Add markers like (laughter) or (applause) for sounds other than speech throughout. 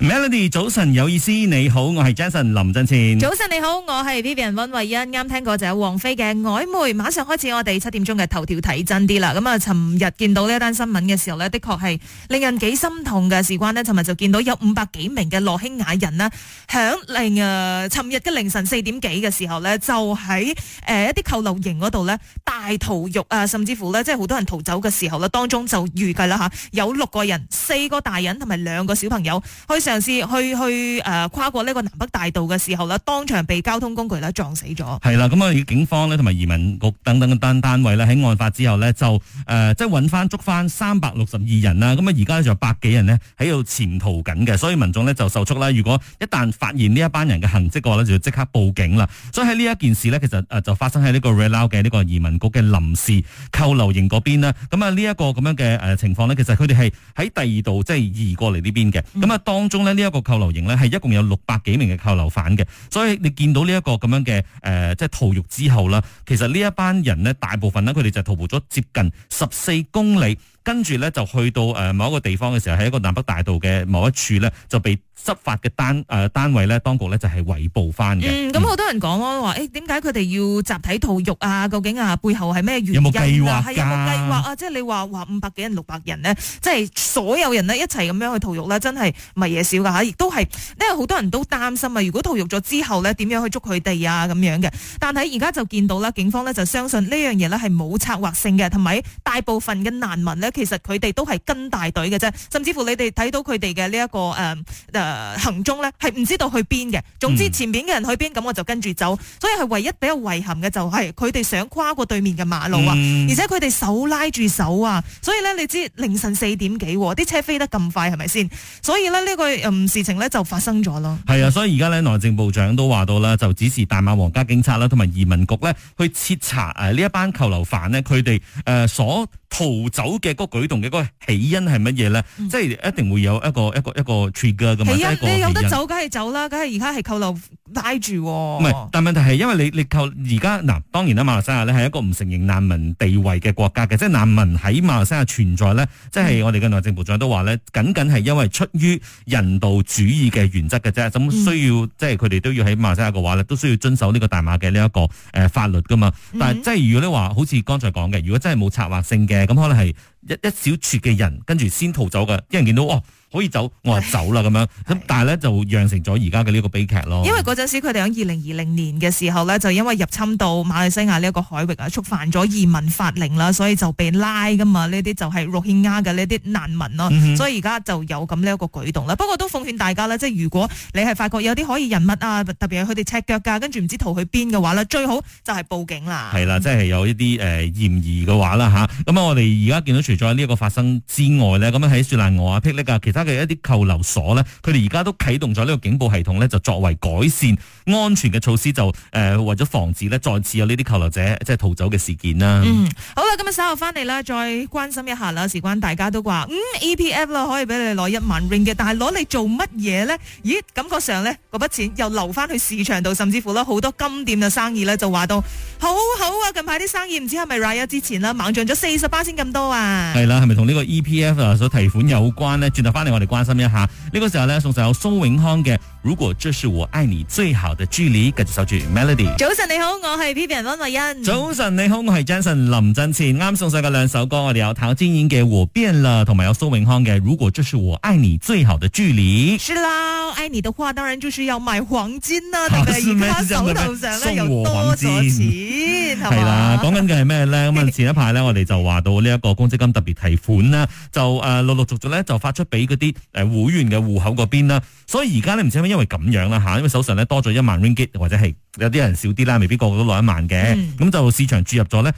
Melody，早晨有意思，你好，我係 Jason 林振倩。早晨你好，我係 Vivian 溫慧欣。啱聽過就係王菲嘅曖昧。馬上開始我哋七點鐘嘅頭條睇真啲啦。咁、嗯、啊，尋日見到呢一單新聞嘅時候咧，的確係令人幾心痛嘅。事關咧，尋日就見到有五百幾名嘅羅興亞人啦，響零啊，尋日嘅凌晨四點幾嘅時候咧，就喺誒一啲扣留營嗰度咧，大逃獄啊，甚至乎咧，即係好多人逃走嘅時候呢，當中就預計啦吓，有六個人，四個大人同埋兩個小朋友去。嘗試去去誒跨過呢個南北大道嘅時候咧，當場被交通工具咧撞死咗。係啦，咁啊，警方咧同埋移民局等等嘅單單位咧，喺案發之後咧就誒即係搵翻捉翻三百六十二人啦。咁啊，而家咧就百幾人咧喺度潛逃緊嘅，所以民眾咧就受束啦。如果一旦發現呢一班人嘅痕跡嘅話咧，就要即刻報警啦。所以喺呢一件事咧，其實誒就發生喺呢個 Relau 嘅呢個移民局嘅臨時扣留營邊啦。咁啊呢一個咁樣嘅誒情況咧，其實佢哋係喺第二度即係移過嚟呢邊嘅。咁啊當中。呢、這、一個扣留營呢係一共有六百幾名嘅扣留犯嘅，所以你見到呢一個咁樣嘅誒，即係逃獄之後呢，其實呢一班人呢，大部分呢佢哋就逃亡咗接近十四公里。跟住咧就去到誒某一個地方嘅時候，喺一個南北大道嘅某一處咧，就被執法嘅單、呃、單位咧，當局咧就係圍捕翻嘅。咁、嗯、好、嗯、多人講咯，話誒點解佢哋要集體逃獄啊？究竟啊背後係咩原因啊？係有冇計劃啊？即係你話話五百幾人、六百人呢，即係所有人呢，一齊咁樣去逃獄呢，真係唔係嘢少噶嚇？亦都係，因為好多人都擔心啊，如果逃獄咗之後呢，點樣去捉佢哋啊？咁樣嘅。但係而家就見到啦，警方咧就相信呢樣嘢呢，係冇策劃性嘅，同埋大部分嘅難民呢。其實佢哋都係跟大隊嘅啫，甚至乎你哋睇到佢哋嘅呢一個誒誒、呃、行蹤咧，係唔知道去邊嘅。總之前面嘅人去邊，咁、嗯、我就跟住走。所以係唯一比較遺憾嘅就係，佢哋想跨過對面嘅馬路啊、嗯，而且佢哋手拉住手啊。所以咧，你知凌晨四點幾，啲車飛得咁快，係咪先？所以呢、這個，呢、呃、個事情咧就發生咗咯。係啊，所以而家呢，內政部長都話到啦，就指示大馬皇家警察啦，同埋移民局咧，去徹查誒呢一班扣留犯呢，佢哋誒所。逃走嘅嗰舉動嘅嗰起因係乜嘢咧？即係一定會有一個一個一個 trigger 噶嘛，係啊！你有得走，梗係走啦，梗係而家係扣留拉住、啊。唔係，但問題係因為你你扣而家嗱，當然啦，馬來西亞呢係一個唔承認難民地位嘅國家嘅，即係難民喺馬來西亞存在呢，即、嗯、係、就是、我哋嘅內政部長都話呢，僅僅係因為出於人道主義嘅原則嘅啫。咁需要、嗯、即係佢哋都要喺馬來西亞嘅話呢，都需要遵守呢個大馬嘅呢一個誒法律噶嘛。但係即係如果你話好似剛才講嘅，如果真係冇策劃性嘅。誒咁可能係。一一小撮嘅人跟住先逃走嘅，一人見到哦可以走，我話走啦咁樣。咁，但係咧就釀成咗而家嘅呢個悲劇咯。因為嗰陣時佢哋響二零二零年嘅時候咧，就因為入侵到馬來西亞呢一個海域啊，觸犯咗移民法令啦，所以就被拉噶嘛。呢啲就係羅興亞嘅呢啲難民咯、嗯，所以而家就有咁呢一個舉動啦。不過都奉勸大家啦，即係如果你係發覺有啲可疑人物啊，特別係佢哋赤腳㗎，跟住唔知逃去邊嘅話呢，最好就係報警啦。係、嗯、啦，即係有一啲誒、呃、嫌疑嘅話啦吓。咁、嗯、啊我哋而家見到在呢個發生之外咧，咁樣喺雪蘭莪啊、霹靂啊、其他嘅一啲扣留所呢，佢哋而家都啟動咗呢個警報系統呢，就作為改善安全嘅措施就，就、嗯、誒為咗防止呢再次有呢啲扣留者即係逃走嘅事件啦。嗯，好啦，今日稍後翻嚟啦，再關心一下啦，事關大家都話，嗯，EPF 咯，可以俾你攞一萬 ring 嘅，但係攞嚟做乜嘢呢？咦，感覺上呢，嗰筆錢又流翻去市場度，甚至乎咧好多金店嘅生意咧就話到好好啊！近排啲生意唔知係咪 rise 之前啦，猛漲咗四十八千咁多啊！係啦，係咪同呢個 EPF 啊所提款有關呢？轉頭翻嚟我哋關心一下。呢個時候呢，送上有蘇永康嘅《如果這是我愛你最好的距離》，繼續守住 Melody。早晨你好，我係 P B N 溫慧欣。早晨你好，我係 Jason 林振前。啱送上嘅兩首歌，我哋有陶晶嘅《和變了》，同埋有蘇永康嘅《如果這是我愛你最好的距離》。是啦，愛你的話，當然就是要買黃金啦。好，是咩？係咁嘅，又多咗錢。係啦，講緊嘅係咩呢？咁前一排呢，我哋就話到呢一個公積金。特別提款啦，就誒陸陸續續咧就發出俾嗰啲誒會員嘅戶口嗰邊啦，所以而家咧唔知因為咁樣啦吓，因為手上咧多咗一萬 ringgit 或者係有啲人少啲啦，未必個個都攞一萬嘅，咁、嗯、就市場注入咗咧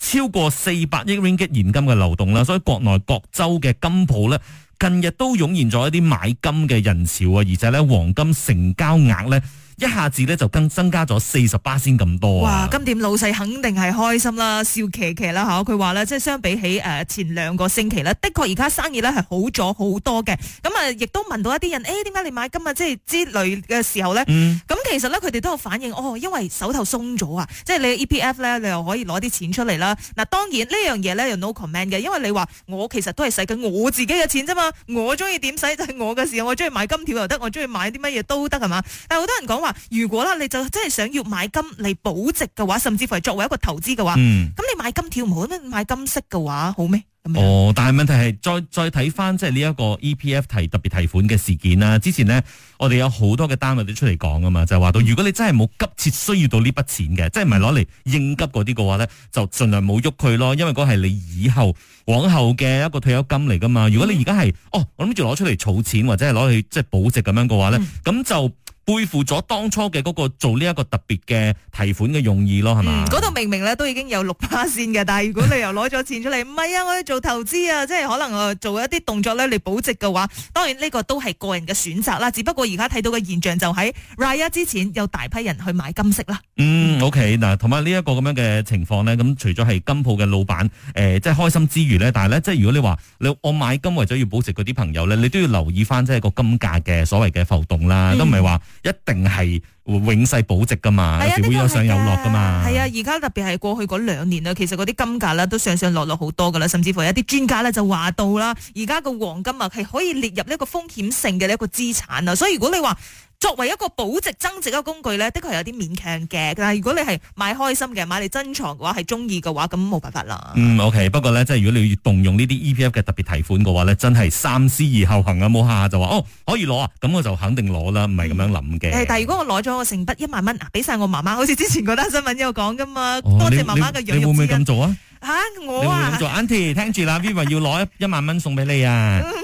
超過四百億 ringgit 現金嘅流動啦，所以國內各州嘅金鋪咧近日都湧現咗一啲買金嘅人潮啊，而且咧黃金成交額咧，一下子咧就更增加咗四十巴仙咁多，啊、哇，金店老細肯定係開心啦，笑騎騎啦吓。佢話咧，即係相比起誒、呃、前兩個星期咧，的確而家生意咧係好咗好多嘅。咁啊，亦都問到一啲人，誒、欸，點解你買金啊？即係之類嘅時候咧，咁、嗯、其實咧，佢哋都有反映，哦，因為手頭鬆咗啊，即係你 E P F 咧，你又可以攞啲錢出嚟啦。嗱，當然呢樣嘢咧又 no comment 嘅，因為你話我其實都係使緊我自己嘅錢啫嘛，我中意點使就係、是、我嘅事，我中意買金條又得，我中意買啲乜嘢都得，係嘛。但係好多人講話。如果咧，你就真係想要買金嚟保值嘅話，甚至乎係作為一個投資嘅話，咁、嗯、你買金條唔好咩？買金飾嘅話好咩？哦，但係問題係，再再睇翻，即係呢一個 EPF 提特別提款嘅事件啦。之前呢，我哋有好多嘅單位都出嚟講啊嘛，就話到如果你真係冇急切需要到呢筆錢嘅、嗯，即係唔係攞嚟應急嗰啲嘅話咧，就盡量冇喐佢咯。因為嗰係你以後往後嘅一個退休金嚟噶嘛。如果你而家係哦，我諗住攞出嚟儲錢或者係攞去即係保值咁樣嘅話咧，咁、嗯、就。背負咗當初嘅嗰個做呢一個特別嘅提款嘅用意咯，係嘛？嗰、嗯、度明明咧都已經有六巴仙嘅，但係如果你又攞咗錢出嚟，唔 (laughs) 係啊，我做投資啊，即係可能我做一啲動作咧嚟保值嘅話，當然呢個都係個人嘅選擇啦。只不過而家睇到嘅現象就喺、是、Raya 之前有大批人去買金色啦。嗯，OK，嗱，同埋呢一個咁樣嘅情況咧，咁除咗係金鋪嘅老闆誒，即係開心之餘咧，但係咧，即係如果你話你我買金為咗要保值嗰啲朋友咧，你都要留意翻即係個金價嘅所謂嘅浮動啦，都唔係話。一定係永世保值噶嘛，會有、啊、上有落噶嘛。係啊，而家特別係過去嗰兩年啦，其實嗰啲金價咧都上上落落好多噶啦，甚至乎有啲專家咧就話到啦，而家個黃金啊係可以列入一個風險性嘅一個資產啊，所以如果你話，作為一個保值增值嘅工具咧，的確係有啲勉強嘅。但係如果你係買開心嘅，買你珍藏嘅話，係中意嘅話，咁冇辦法啦。嗯，OK。不過咧，即係如果你要動用呢啲 EPF 嘅特別提款嘅話咧，真係三思而後行啊！冇下下就話哦，可以攞啊，咁我就肯定攞啦，唔係咁樣諗嘅、嗯。但係如果我攞咗我成筆一萬蚊，俾晒我媽媽，好似之前嗰單新聞有講噶嘛，多謝媽媽嘅養育之恩。你，你會唔會咁做啊？吓、啊、我啊！會會做 Auntie 聽住啦 Viva 要攞一一萬蚊送俾你啊！ (laughs)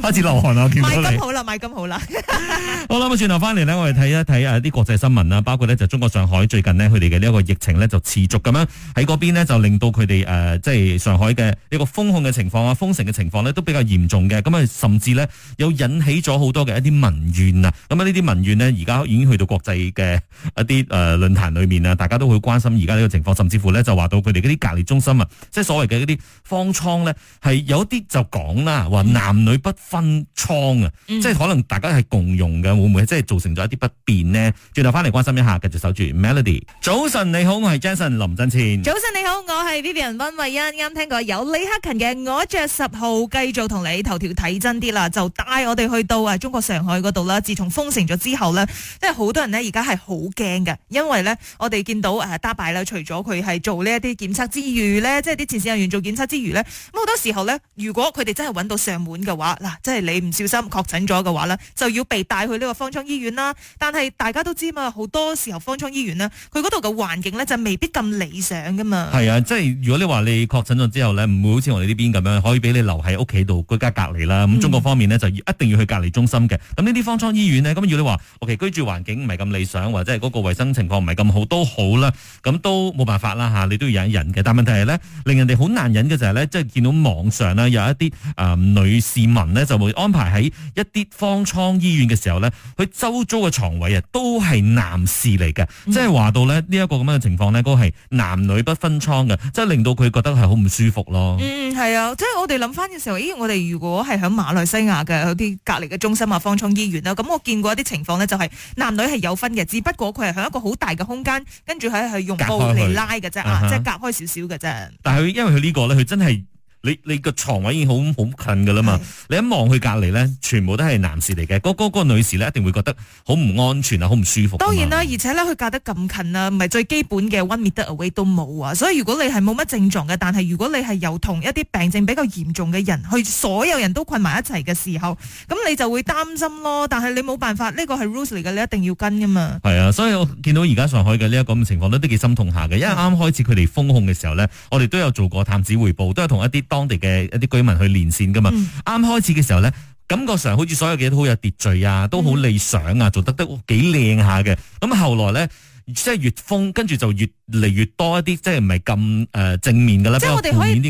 開始流汗啊！見到你買金好啦，買金好啦。 (laughs) 好啦，咁轉頭翻嚟呢，我哋睇一睇啊啲國際新聞啦，包括呢就中國上海最近呢，佢哋嘅呢一個疫情呢，就持續咁樣喺嗰邊呢，就令到佢哋誒即係上海嘅呢個封控嘅情況啊，封城嘅情況呢，都比較嚴重嘅，咁啊甚至呢，有引起咗好多嘅一啲民怨啊，咁啊呢啲民怨呢，而家已經去到國際嘅一啲誒、呃、論壇裏面啊，大家都好關心而家呢個情況，甚至乎呢，就話到佢哋嗰啲隔離中心啊，即係所謂嘅嗰啲方艙呢，係有啲就講啦，話男女不分倉啊，即係可能大家係共用嘅，會唔會即係造成咗一啲不便呢？轉頭翻嚟關心一下，繼續守住 Melody。早晨你好，我係 Jason 林振前。早晨你好，我係 Vivian 温慧欣。啱聽過有李克勤嘅《我着十號》繼，繼續同你頭條睇真啲啦，就帶我哋去到啊中國上海嗰度啦。自從封城咗之後呢，即係好多人呢而家係好驚嘅，因為呢，我哋見到誒大白啦，除咗佢係做呢一啲檢測之餘呢，即係啲前線人員做檢測之餘呢，咁好多時候呢，如果佢哋真係揾到上門嘅話，嗱，即係你唔小心確診咗嘅話咧，就要被帶去呢個方艙醫院啦。但係大家都知嘛，好多時候方艙醫院呢，佢嗰度嘅環境呢，就未必咁理想噶嘛。係啊，即係如果你話你確診咗之後呢，唔會好似我哋呢邊咁樣，可以俾你留喺屋企度居家隔離啦。咁、嗯、中國方面呢，就一定要去隔離中心嘅。咁呢啲方艙醫院呢咁如果你話，OK 居住環境唔係咁理想，或者係嗰個衛生情況唔係咁好，都好啦。咁都冇辦法啦吓、啊，你都要忍一忍嘅。但問題係呢，令人哋好難忍嘅就係、是、呢，即係見到網上啦，有一啲誒、呃、女市民。咧就會安排喺一啲方艙醫院嘅時候咧，佢周遭嘅床位啊，都係男士嚟嘅、嗯，即係話到咧呢一個咁樣嘅情況呢，嗰個係男女不分艙嘅，即係令到佢覺得係好唔舒服咯。嗯，係啊，即係我哋諗翻嘅時候，咦，我哋如果係響馬來西亞嘅嗰啲隔離嘅中心啊，方艙醫院啊，咁我見過一啲情況呢，就係男女係有分嘅，只不過佢係響一個好大嘅空間，跟住係係用布嚟拉嘅啫、啊，即係隔開少少嘅啫。但係因為佢呢、呢個咧，佢真係。你你個床位已經好好近噶啦嘛？你一望去隔籬咧，全部都係男士嚟嘅。嗰、嗰個嗰個女士咧，一定會覺得好唔安全啊，好唔舒服。當然啦，而且咧佢隔得咁近啊，唔係最基本嘅 one meter away 都冇啊。所以如果你係冇乜症狀嘅，但係如果你係有同一啲病症比較嚴重嘅人，去所有人都困埋一齊嘅時候，咁你就會擔心咯。但係你冇辦法，呢個係 rules 嚟嘅，你一定要跟噶嘛。係啊，所以我見到而家上海嘅呢一個咁嘅情況都都幾心痛下嘅。因為啱開始佢哋封控嘅時候呢，我哋都有做過探子匯報，都係同一啲。當地嘅一啲居民去連線㗎嘛，啱、嗯、開始嘅時候呢，感覺上好似所有嘅嘢都好有秩序啊，都好理想啊，嗯、做得得幾靚下嘅。咁後來呢，即係越封，跟住就越嚟越多一啲，即係唔係咁誒正面嘅咧。即係我哋可以難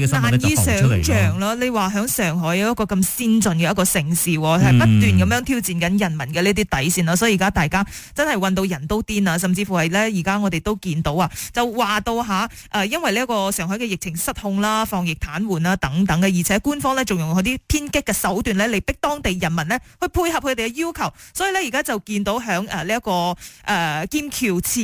以想象咯。你話響上海有一個咁先進嘅一個城市，係不斷咁樣挑戰緊人民嘅呢啲底線咯。所以而家大家真係運到人都癲啊！甚至乎係咧，而家我哋都見到啊，就話到吓誒，因為呢一個上海嘅疫情失控啦、防疫癱瘓啦等等嘅，而且官方咧仲用佢啲偏激嘅手段咧嚟逼當地人民咧去配合佢哋嘅要求，所以咧而家就見到響誒呢一個誒劍橋刺。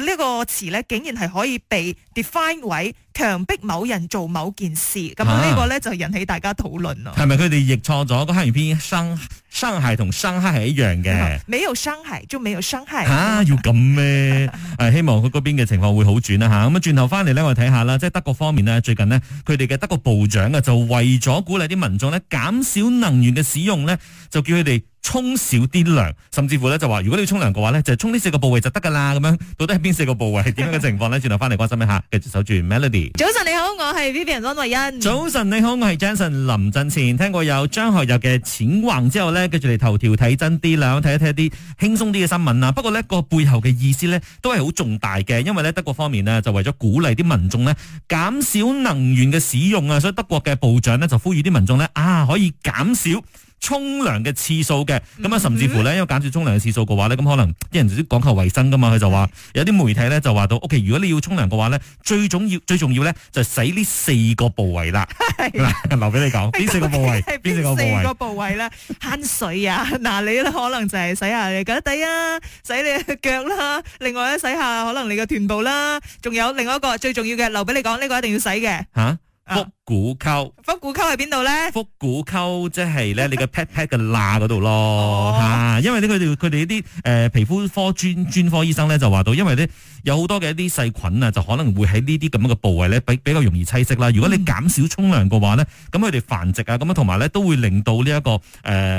呢、這個詞咧，竟然係可以被 define 為強迫某人做某件事，咁、啊、呢、這個咧就引起大家討論啦。係咪佢哋譯錯咗？個黑人片傷傷害同傷害係一樣嘅。未有傷害，就未有傷害。嚇、啊、要咁咩、 (laughs) 啊？希望佢嗰邊嘅情況會好轉啦嚇。咁啊，轉頭翻嚟咧，我哋睇下啦，即係德國方面呢，最近呢，佢哋嘅德國部長啊，就為咗鼓勵啲民眾呢減少能源嘅使用呢，就叫佢哋。沖少啲涼，甚至乎咧就話，如果你要沖涼嘅話咧，就係沖呢四個部位就得噶啦。咁樣到底係邊四個部位？係點樣嘅情況咧？轉頭翻嚟關心一下。繼續守住 Melody。早晨你好，我係 Vivian 溫慧欣。早晨你好，我係 Jason 林振前。聽過有張學友嘅《淺黃》之後咧，繼續嚟頭條睇真啲啦，睇一睇一啲輕鬆啲嘅新聞啊。不過呢個背後嘅意思咧都係好重大嘅，因為咧德國方面咧就為咗鼓勵啲民眾咧減少能源嘅使用啊，所以德國嘅部長咧就呼籲啲民眾咧啊可以減少。沖涼嘅次數嘅，咁啊，甚至乎咧，因為減少沖涼嘅次數嘅話咧，咁可能啲人即係講求衛生噶嘛，佢就話有啲媒體咧就話到，OK，如果你要沖涼嘅話咧，最重要最重要咧就係洗呢四個部位啦， (laughs) 留俾你講，呢四個部位，邊四個部位咧，慳水啊！嗱， (laughs) 你咧可能就係洗下你腳底啊，洗你腳啦、啊，另外咧洗一下可能你嘅臀部啦、啊，仲有另外一個最重要嘅，留俾你講，呢、這個一定要洗嘅，吓、啊。腹股溝、啊，腹股溝係邊度咧？腹股溝即係咧，你個 pat pat 嘅罅嗰度咯吓，因為咧佢哋佢哋呢啲誒皮膚科專專科醫生咧就話到，因為咧。有好多嘅一啲細菌啊，就可能會喺呢啲咁樣嘅部位咧，比比較容易棲息啦。如果你減少沖涼嘅話咧，咁佢哋繁殖啊，咁啊同埋咧都會令到呢、這、一個誒，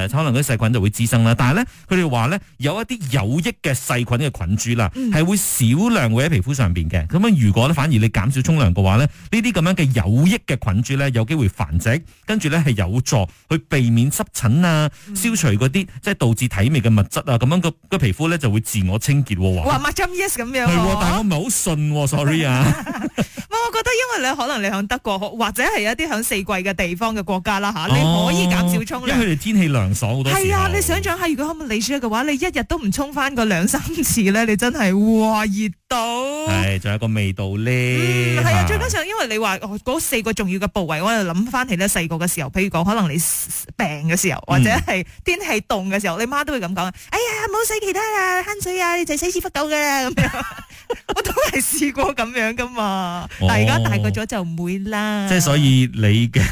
可能啲細菌就會滋生啦。但係咧，佢哋話咧有一啲有益嘅細菌嘅菌株啦，係會少量會喺皮膚上邊嘅。咁樣如果咧反而你減少沖涼嘅話咧，呢啲咁樣嘅有益嘅菌株咧有機會繁殖，跟住咧係有助去避免濕疹啊，消除嗰啲即係導致體味嘅物質啊，咁樣個個皮膚咧就會自我清潔喎。咁樣。但我唔係好信，sorry 啊。喂， (laughs) 我覺得，因為你可能你響德國或者係一啲響四季嘅地方嘅國家啦，吓、哦、你可以減少沖涼，因為佢哋天氣涼爽好多。係啊，你想象下，如果可後尾你去嘅話，你一日都唔沖翻個兩三次咧，你真係哇熱！到，係，仲有一個味道咧，嗯，係啊，再加上，因為你話，嗰四個重要嘅部位，我就諗翻起咧，細個嘅時候，譬如講，可能你病嘅時候，或者係天氣凍嘅時候，嗯、你媽都會咁講，哎呀，唔好洗其他啦，慳水啊，你就死屎忽到嘅，咁樣， (laughs) 我都係試過咁樣噶嘛，但係而家大個咗就唔會啦，即、哦、係、就是、所以你嘅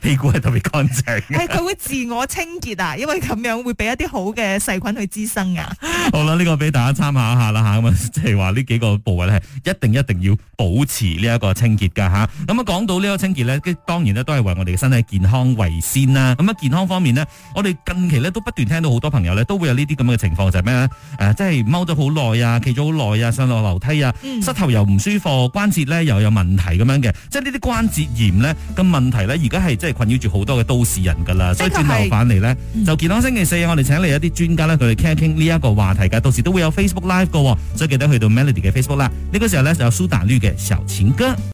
屁股係特別乾淨，係， (laughs) 佢會自我清潔啊，因為咁樣會俾一啲好嘅細菌去滋生啊， (laughs) 好啦，呢、這個俾大家參考一下啦吓，咁啊，即係話呢。幾、這個部位咧，一定一定要保持呢一個清潔噶吓。咁啊，講到呢個清潔咧，當然都係為我哋嘅身體健康為先啦。咁啊，健康方面呢，我哋近期都不斷聽到好多朋友咧都會有呢啲咁嘅情況，就係咩咧？即係踎咗好耐啊，企咗好耐啊，上落樓梯啊、嗯，膝頭又唔舒服，關節咧又有問題咁樣嘅。即係呢啲關節炎呢嘅問題呢，而家係即係困擾住好多嘅都市人噶啦。所以轉頭返嚟呢、嗯，就健康星期四我哋請嚟一啲專家咧，佢哋傾一傾呢一個話題噶。到時都會有 Facebook Live 噶，所以記得去到 Melody。給 Facebook 啦，那個時候咧，就蘇打綠嘅小情歌。